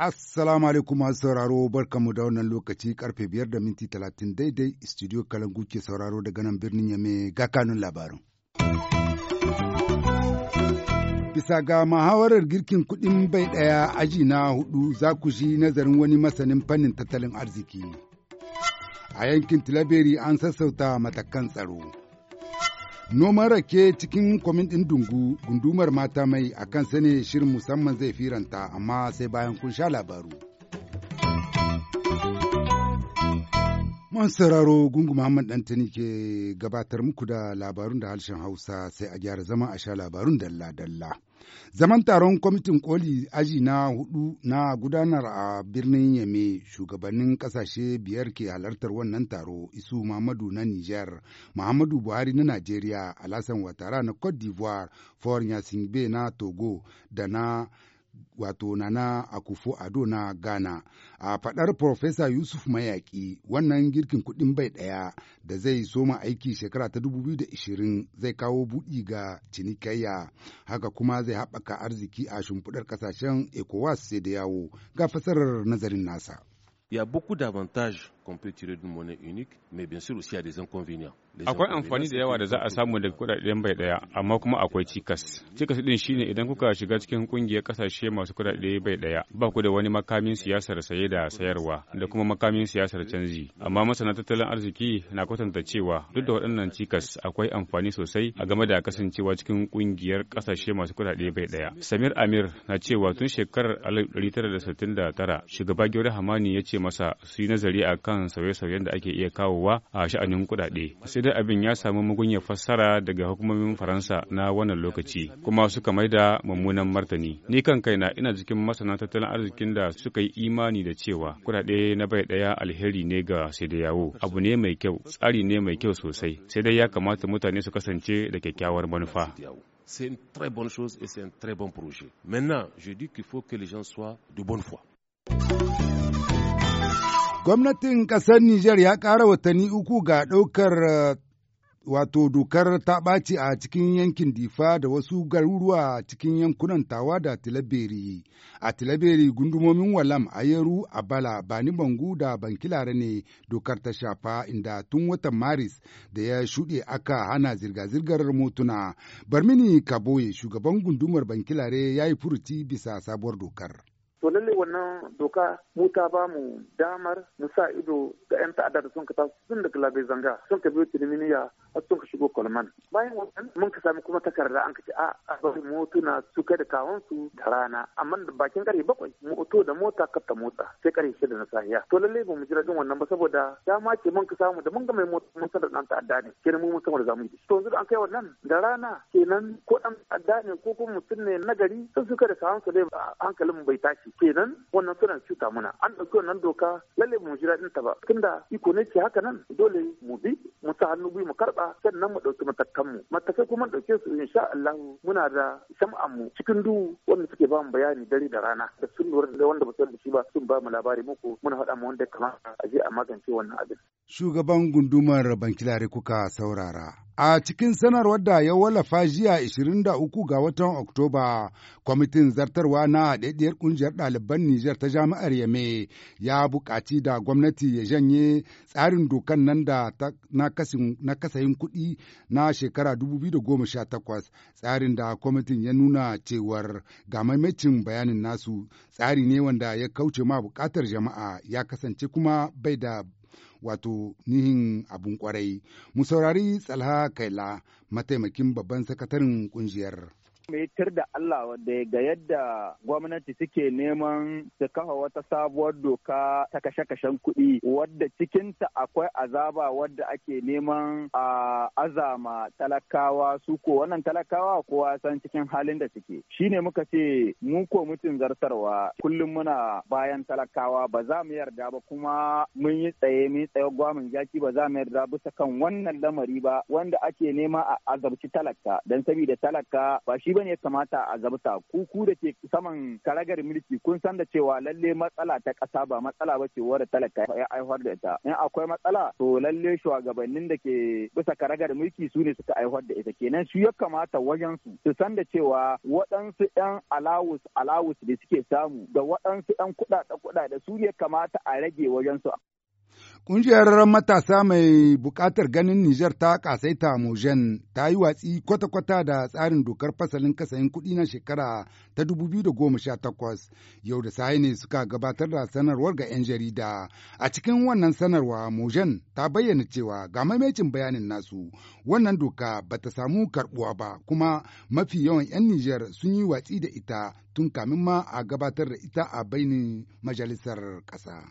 Assalamu alaikum masu sauraro barkamu da wannan lokaci karfe biyar da minti talatin daidai studio Kalangu ke sauraro daga nan birnin Yame ga kanun labarin. bisa ga mahawarar girkin kuɗin bai ɗaya aji na hudu za ku shi nazarin wani masanin fannin tattalin arziki. a yankin Tilaberi an sassauta matakan tsaro. Noman rake cikin kwamin ɗin dungu gundumar mata mai a kan sane shirin musamman zai firanta amma sai bayan kun sha labaru. Man sauraro gungu Muhammad Dantani ke gabatar muku da labarun da harshen Hausa sai a gyara zama a sha labarun dalla-dalla. Zaman taron kwamitin koli aji na hudu na gudanar a birnin Yame shugabannin kasashe biyar ke halartar wannan taro Isu Muhammadu na niger Muhammadu Buhari na nigeria Alasan Watara na Cote d'Ivoire, Foreign Yasingbe na Togo da na wato nana akufo ado na ghana a fadar profesa yusuf mayaki wannan girkin kudin bai daya da zai soma aiki shekara ta 2020 zai kawo buɗi ga cinikayya haka kuma zai haɓaka arziki a shimfidar ƙasashen ecowas sai da yawo ga fasarar nazarin nasa Il y a beaucoup d'avantages qu'on peut tirer d'une monnaie unique, mais bien sûr aussi il y a des inconvénients. Akwai amfani da yawa da za a samu daga kudaden bai daya, amma kuma akwai cikas. Cikas din shine idan kuka shiga cikin kungiyar kasashe masu kudade bai daya, ba ku da wani makamin siyasar saye da sayarwa da kuma makamin siyasar canji. Amma masana tattalin arziki na kwatanta cewa duk da waɗannan cikas akwai amfani sosai a game da kasancewa cikin kungiyar kasashe masu kudade bai daya. Samir Amir na cewa tun shekarar 1969 shugaba Gyori Hamani ya ce masa su yi nazari a kan sauye-sauyen da ake iya kawowa a sha'anin kuɗaɗe. Sai dai abin ya samu mugunyar fassara daga hukumomin Faransa na wannan lokaci kuma suka mai da mummunan martani. Ni kan kaina ina cikin masana tattalin arzikin da suka yi imani da cewa kuɗaɗe na bai ɗaya alheri ne ga sai da yawo. Abu ne mai kyau, tsari ne mai kyau sosai. Sai dai ya kamata mutane su kasance da kyakkyawar manufa. C'est une très bonne chose et c'est un très bon projet. Maintenant, je dis qu'il faut que les gens soient de bonne foi. Gwamnatin ƙasar Nijar ya ƙara watanni uku ga ɗaukar eh, wato dokar ta ɓaci a cikin yankin difa da wasu garuruwa a cikin yankunan tawa da tilaberi a tilaberi gundumomin walam a ayeru abala bani bangu da bankilare ne dokar ta shafa inda tun watan maris da ya shuɗe aka hana zirga-zirgar motuna barmini kaboye shugaban gundumar bankilare ya yi furuci bisa sabuwar dokar to lalle wannan doka mu ta ba mu damar mu sa ido ga 'yan ta'adda da sun ka tasu tun daga labe zanga sun ka biyo tirminiya har sun ka shigo kwalman bayan wannan mun ka sami kuma takarda an ka ce a bari motuna su kai da kawon su da rana amma da bakin karfe bakwai moto da mota ta motsa sai karfe shida na safiya to lallai ba mu jira din wannan ba saboda dama ce mun ka samu da mun ga mai mota mun san da ɗan ta'adda ne kenan mu mun san da zamu yi to yanzu da an kai wannan da rana kenan ko dan ta'adda ne ko kuma mutum ne na gari sun suka da kawon su dai hankalin mu bai tashi kenan wannan suna cuta muna an ɗauki wannan doka lallai ba mu jira din ta ba tunda iko ne ce haka nan dole mu bi mu sa hannu biyu mu karba sannan mu ɗauki matakanmu matakai kuma ɗauke su in sha Allah muna da mu cikin duhu wanda suke ba mu bayani dare da rana da sun lura da wanda ba su da shi ba sun ba mu labari muku muna faɗa mu wanda kamar a je a magance wannan abin. shugaban gundumar Bankilare kuka saurara. A cikin sanarwar da ya wallafa jiya 23 ga watan Oktoba, kwamitin zartarwa na haɗaɗɗiyar ƙungiyar ɗaliban Nijar ta jami'ar Yame ya buƙaci da gwamnati ya janye tsarin dokan nan da na kasayin kuɗi na shekara 2018 tsarin da kwamitin ya nuna cewar ga maimacin bayanin nasu tsari ne wanda ya kauce ma buƙatar jama'a ya kasance kuma bai da wato nihin abun kwarai. musaurari Tsalha Kaila mataimakin babban sakatarin ƙungiyar. mai tir da Allah da ga yadda gwamnati suke neman su kafa wata sabuwar doka ta kashe-kashen kuɗi wadda cikinta akwai azaba wadda ake neman a azama talakawa su ko wannan talakawa ko san cikin halin da suke Shi shine muka ce mu ko mutum zartarwa kullum muna bayan talakawa ba za mu yarda ba kuma mun yi tsaye mun tsaye gwamin jaki ba za mu yarda bisa kan wannan lamari ba wanda ake nema a azabci talaka dan saboda talaka ba shi bane ya kamata a zabta ku ku da ke saman karagar mulki kun san da cewa lalle matsala ta ƙasa ba matsala ba ce wadda talaka ya aiwar da ita in akwai matsala to lalle shugabannin da ke bisa karagar mulki su ne suka aiwar da ita kenan su ya kamata wajen su su san da cewa waɗansu ɗan alawus alawus da suke samu da waɗansu ɗan kuɗaɗe kuɗaɗe su ne kamata a rage wajen su Ƙungiyar matasa mai buƙatar ganin Nijar ta ƙasaita Mojen ta yi watsi kwata-kwata da tsarin dokar fasalin kasayin kuɗi na shekara ta 2018 yau da sahi ne suka gabatar da sanarwar ga 'yan jarida. A cikin wannan sanarwa Mojen ta bayyana cewa ga maimacin bayanin nasu wannan doka ba ta samu karbuwa ba kuma mafi yawan 'yan Nijar sun yi watsi da ita tun kamin ma a gabatar da ita a bainin majalisar ƙasa.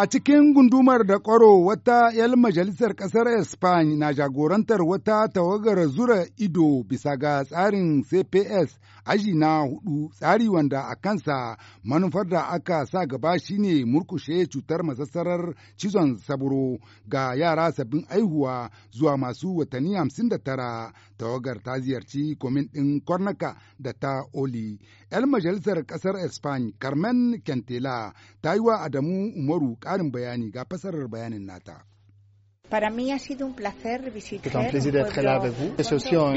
A cikin gundumar da ƙwaro wata 'yan majalisar ƙasar Espany na jagorantar wata tawagar zura ido bisa ga tsarin CPS aji na hudu tsari wanda a kansa manufar da aka sa gaba shine murkushe cutar masassarar cizon saburo ga yara sabbin aihuwa zuwa masu watanni hamsin da tara tawagar ta ziyarci komin ɗin kornaka da ta oli yan majalisar ƙasar espan carmen kentela ta yi wa adamu umaru ƙarin bayani ga fasarar bayanin nata. Para mí ha sido un placer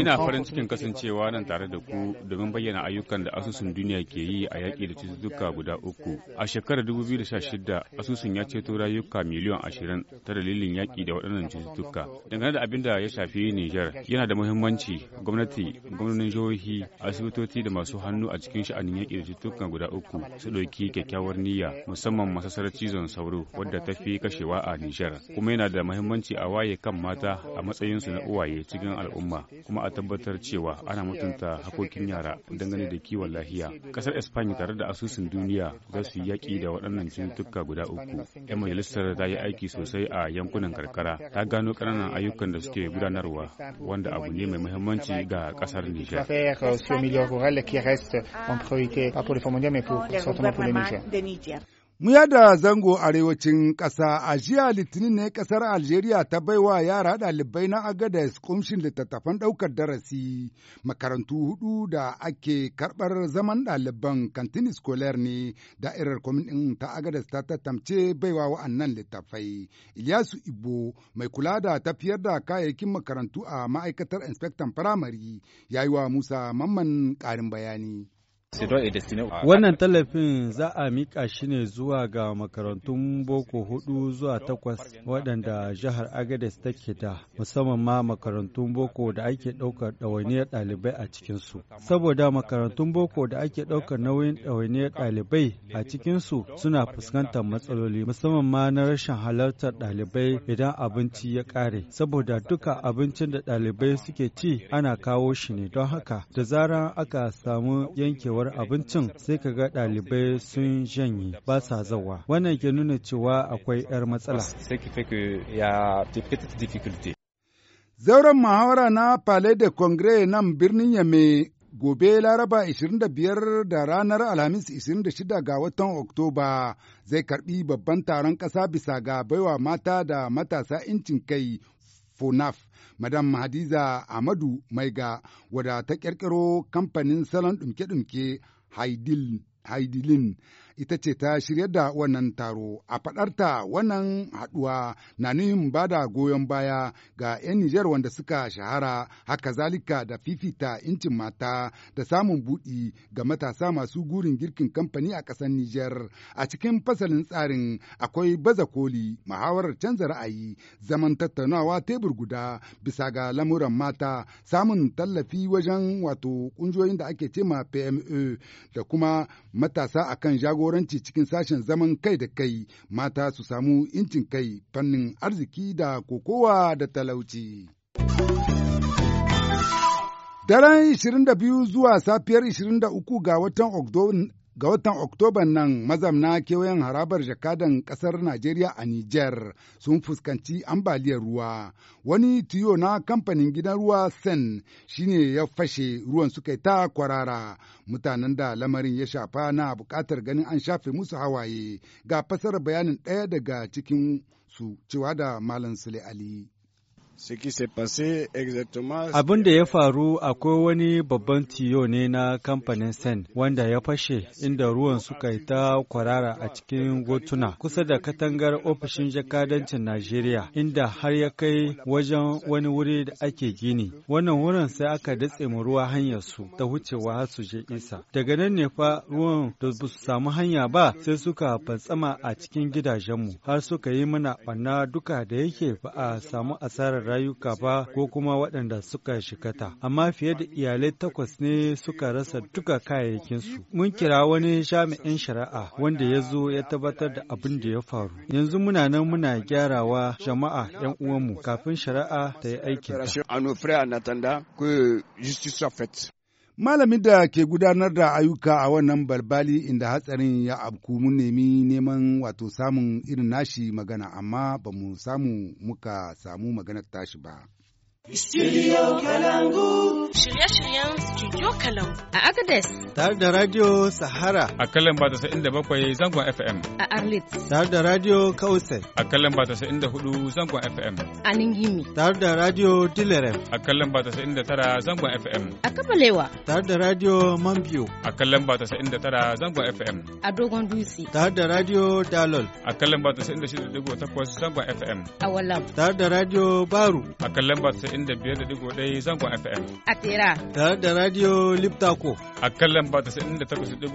Ina farin cikin kasancewa nan tare da ku domin bayyana ayyukan da asusun duniya ke yi a yaƙi da cututtuka guda uku. A shekarar 2016 asusun ya ceto rayuka miliyan 20 ta dalilin yaƙi da waɗannan cututtuka. Dangane da abin da ya shafi Nijar, yana da muhimmanci gwamnati, gwamnonin jihohi, asibitoci da masu hannu a cikin sha'anin yaƙi da cututtuka guda uku su ɗauki kyakkyawar niyya musamman masasar cizon sauro wadda ta fi kashewa a Nijar. Kuma yana da muhimmanci shugabanci a waye kan mata a matsayinsu na uwaye cikin al'umma kuma a tabbatar cewa ana mutunta hakokin yara dangane da kiwon lafiya. Kasar Espanya tare da asusun duniya za su yaƙi da waɗannan cututtuka guda uku. 'Yan majalisar ta yi aiki sosai a yankunan karkara ta gano ƙananan ayyukan da suke gudanarwa wanda abu ne mai muhimmanci ga ƙasar Nijar. Niger. Muya da zango arewacin ƙasa a jiya litinin ne ƙasar Algeria ta baiwa yara ɗalibai na Agadez kumshin littattafan ɗaukar darasi makarantu hudu da ake karɓar zaman ɗaliban kantin scolaire ne da'irar kwamitin ta Agadez ta tattamce baiwa wa'annan littattafai. Ilyasu Ibo mai kula da tafiyar da kayayyakin makarantu a ma'aikatar inspektan firamare ya yi wa Musa Mamman ƙarin bayani. Ah. Wannan tallafin za a mika shi ne zuwa ga makarantun boko hudu zuwa takwas waɗanda jihar Agades take da musamman ma makarantun boko da ake ɗaukar ɗawainiyar ɗalibai a cikinsu. Saboda makarantun boko da ake ɗaukar nauyin ɗawainiyar ɗalibai a cikinsu suna fuskantar matsaloli musamman ma na rashin halartar ɗalibai idan abinci ya ƙare. Saboda duka abincin da ɗalibai suke ci ana kawo shi ne don haka da zarar aka samu yankewa karyewar abincin sai ka ga ɗalibai sun janye ba sa zawa wannan ke nuna cewa akwai 'yar matsala zauren muhawara na palais de congrès nan birnin yame gobe laraba 25 da ranar alhamis 26 ga watan oktoba zai karbi babban taron kasa bisa ga baiwa mata da matasa incin kai FONAF, Madam Hadiza Amadu Maiga, wadda ta ƙirƙiro kamfanin salon ɗumke-ɗumke Haidilin. ita ce ta shirya da wannan taro. A faɗarta wannan haɗuwa na nuhin ba da goyon baya ga 'yan Nijar wanda suka shahara haka zalika da fifita incin mata da samun buɗi ga matasa masu gurin girkin kamfani a ƙasar Nijar. A cikin fasalin tsarin akwai baza koli, muhawarar canza ra'ayi, zaman tattaunawa tebur guda bisa ga lamuran mata, samun tallafi wajen wato ƙungiyoyin da ake cema PME da kuma matasa akan jagoranci jagoranci cikin sashen zaman kai da kai mata su samu incin kai fannin arziki da kokowa da talauci. Daren 22 zuwa safiyar 23 ga watan ga watan Oktoban nan mazamna kewayen harabar jakadan ƙasar Najeriya a Nijar sun fuskanci ambaliyar ruwa. Wani tiyo na kamfanin gidan ruwa Sen shine ya fashe ruwan suka ta kwarara. Mutanen da lamarin ya shafa na buƙatar ganin an shafe musu hawaye ga fasar bayanin ɗaya daga cikin su cewa da Malam Sule Ali. Abin da ya faru akwai wani babban tiyo ne na kamfanin Sen wanda ya fashe inda ruwan suka yi ta kwarara a cikin gotuna kusa da katangar ofishin jakadancin Najeriya inda har ya kai wajen wani wuri da ake gini. Wannan wurin sai aka datse mu ruwa hanyar su ta wucewa har su je isa. Daga nan ne fa ruwan da ba su samu hanya ba sai suka fantsama a cikin gidajenmu har suka yi mana ɓanna duka da yake ba a samu asarar rayuka ba ko kuma waɗanda suka shikata, amma fiye da iyalai takwas ne suka rasa duka kayayyakinsu. Mun kira wani jami'in shari'a wanda ya zo ya tabbatar da abin da ya faru. Yanzu muna nan muna gyarawa jama'a 'yan uwanmu kafin shari'a ta yi aikin. Malamin da ke gudanar da ayyuka a wannan balbali inda hatsarin ya abku mun nemi neman wato samun irin nashi magana amma ba mu samu muka samu maganar tashi ba. Studio Kalangu. Shirye-shiryen Studio Kalangu. A Agadez. Tare da Radio Sahara. A kalan ba inda bakwai zangon FM. A Arlit. Tare da Radio Kausai. A kalan ba inda hudu zangon FM. A Ningimi. Tare da Radio Dilerem. A kalan ba inda tara zangon FM. A Kabalewa. Tare da Radio Mambiyo. A kalan ba inda tara zangon FM. A Dogon Dutse. Tare da Radio Dalol. A kalan ba inda shida digo takwas zangon FM. A Walam. Tare da Radio Baru. A kalan ba 95.1 zangon FM. A tera. Tare da Radio Liptako. A kan lamba 98.7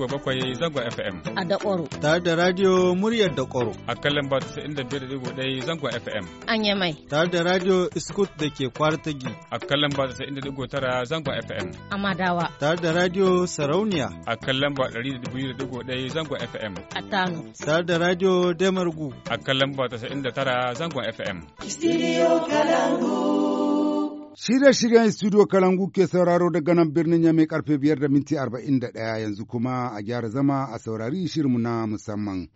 zangon FM. A Dakoro. Tare da Radio Muryar Dakoro. A kan lamba 95.1 zangon FM. An mai. Tare da Radio Iskut da ke kwara ta gi. A kan lamba 99.9 zangon FM. A Madawa. Tare da Radio Sarauniya. A kan lamba 102.1 zangon FM. A Tano. Tare da Radio Demargu. A kan lamba 99.9 zangon FM. Studio Kalangu. Shirye-shiryen studio Kalangu ke sauraro daga nan birnin ya mai karfe biyar da minti arba'in da ɗaya yanzu kuma a gyara zama a saurari shirinmu na musamman.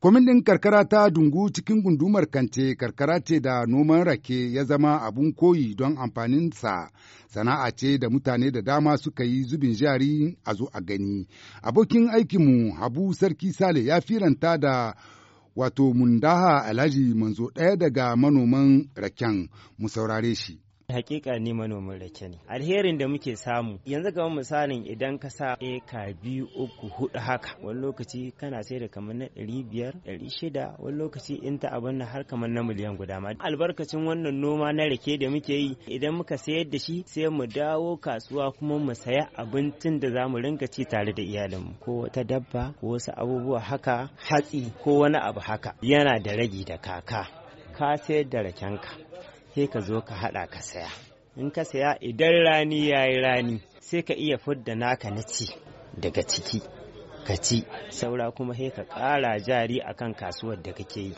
Kwamin ɗin karkara ta dungu cikin gundumar kance karkara ce da noman rake ya zama abun koyi don amfanin sa sana'a ce da mutane da dama suka yi zubin jari a zo a gani. Abokin aikinmu Habu Sarki Sale ya firanta da wato mundaha alhaji manzo ɗaya daga manoman raken mu saurare shi. Hakika ni manomin rake ne. Alherin da muke samu yanzu ga misalin idan ka sa eka biyu uku hudu haka wani lokaci kana sai da kamar na ɗari biyar ɗari shida wani lokaci in ta abin na har kamar na miliyan guda ma. Albarkacin wannan noma na rake da muke yi idan muka sayar da shi sai mu dawo kasuwa kuma mu saya abincin da za mu rinka ci tare da iyalinmu ko wata dabba ko wasu abubuwa haka hatsi ko wani abu haka yana da ragi da kaka ka sayar da rakenka sai ka zo ka haɗa ka saya in ka saya idan rani ya yi rani sai ka iya fudda naka na ci daga ciki ka ci saura kuma sai ka ƙara jari a kan kasuwar da kake yi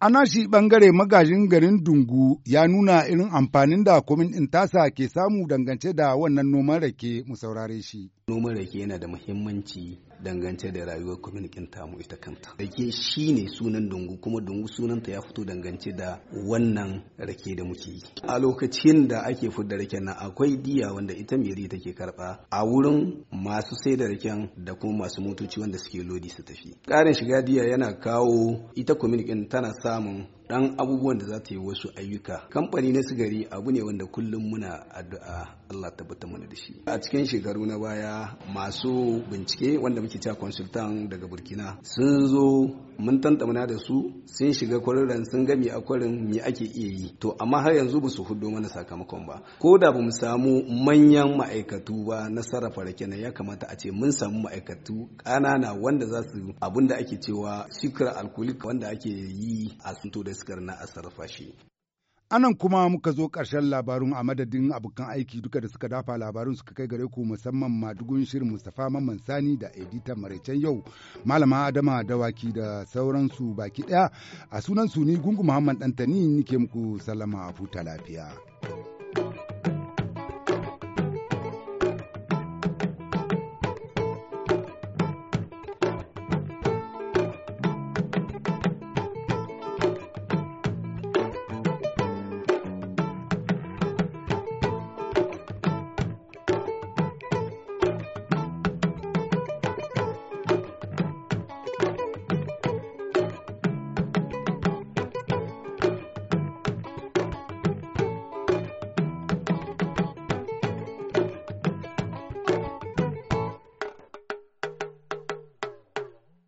a nashi ɓangare magajin garin dungu ya nuna irin amfanin da kwamin ɗin tasa ke samu dangance da wannan noman rake mu saurare shi noman rake yana da muhimmanci dangance da rayuwar kwaminikin tamu ita kanta rake shi ne sunan dungu kuma dungu sunanta ya fito dangance da wannan rake da muke yi a lokacin da ake fudda raken nan akwai diya wanda ita meri take karba a wurin masu sai da raken da kuma masu motoci wanda suke lodi su tafi Karin shiga diya yana kawo ita kwaminikin tana samun dan abubuwan da za ta yi wasu ayyuka kamfani na sigari abu ne wanda kullum muna addu'a Allah tabbata mana da shi a cikin shekaru na baya masu bincike wanda muke ake cewa daga burkina sun zo mun tantamana da su sun shiga kwararren sun ga me a kwarin me ake iya yi to amma har yanzu ba su hudo mana sakamakon ba ko da ba mu samu manyan ma'aikatu ba na sarrafa rake ya kamata a ce mun samu ma'aikatu ƙanana wanda za su abinda ake cewa shikar alkulik wanda ake yi a sunto da sukar na a sarrafa shi anan kuma muka zo karshen labarun a madadin abokan aiki duka da suka dafa labarun suka kai gare ku musamman madugun shirin Mustapha Mamman Sani da editan Maraicen yau Malama Adama Dawaki da sauransu baki ɗaya a sunan su ni Gungu Muhammad Dantani nike muku salama a huta lafiya.